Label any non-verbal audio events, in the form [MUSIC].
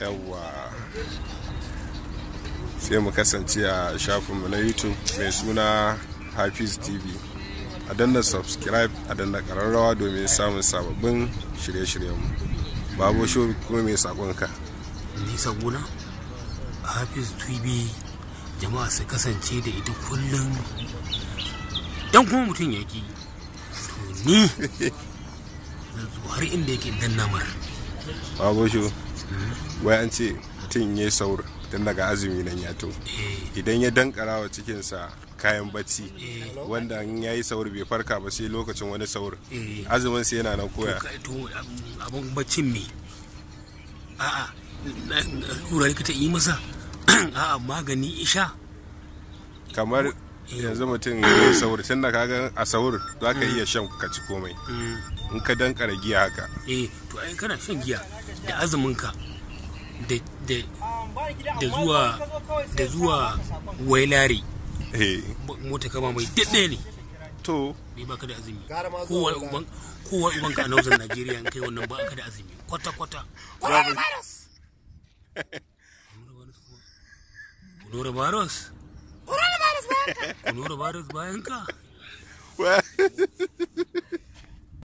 yawwa sai mu kasance a shafinmu na youtube mai suna hafiz tv a danna subscribe a danna kararrawa domin samun sababbin shirye-shiryenmu babu shi kuma mai sakonka ni sabuna hafiz tv jama'a su kasance da ita kullum dan kuma mutum ya ki to ni [LAUGHS] har inda yake dan namar babu shi. wai an ce mutum ya saur tun daga azumi nan ya to eh. idan ya dankara wa cikinsa kayan bacci eh. wanda in ya yi saur bai farka ba sai lokacin wani saur eh. azumin sai yana nan koya abin baccin a'a lura likita yi masa [CLEARS THROAT] a'a magani isha kamar yanzu mutum ya saur tun da kaga a sauri za ka iya shan ka ci komai in ka kara giya haka eh to ai kana shan giya da azuminka da da zuwa da zuwa wailare eh. mota kama mai dade ne to ne baka da azumi kowa uban uban ka Najeriya in kai wannan ba ka da azumi kwata kwata coronavirus coronavirus nura virus bayan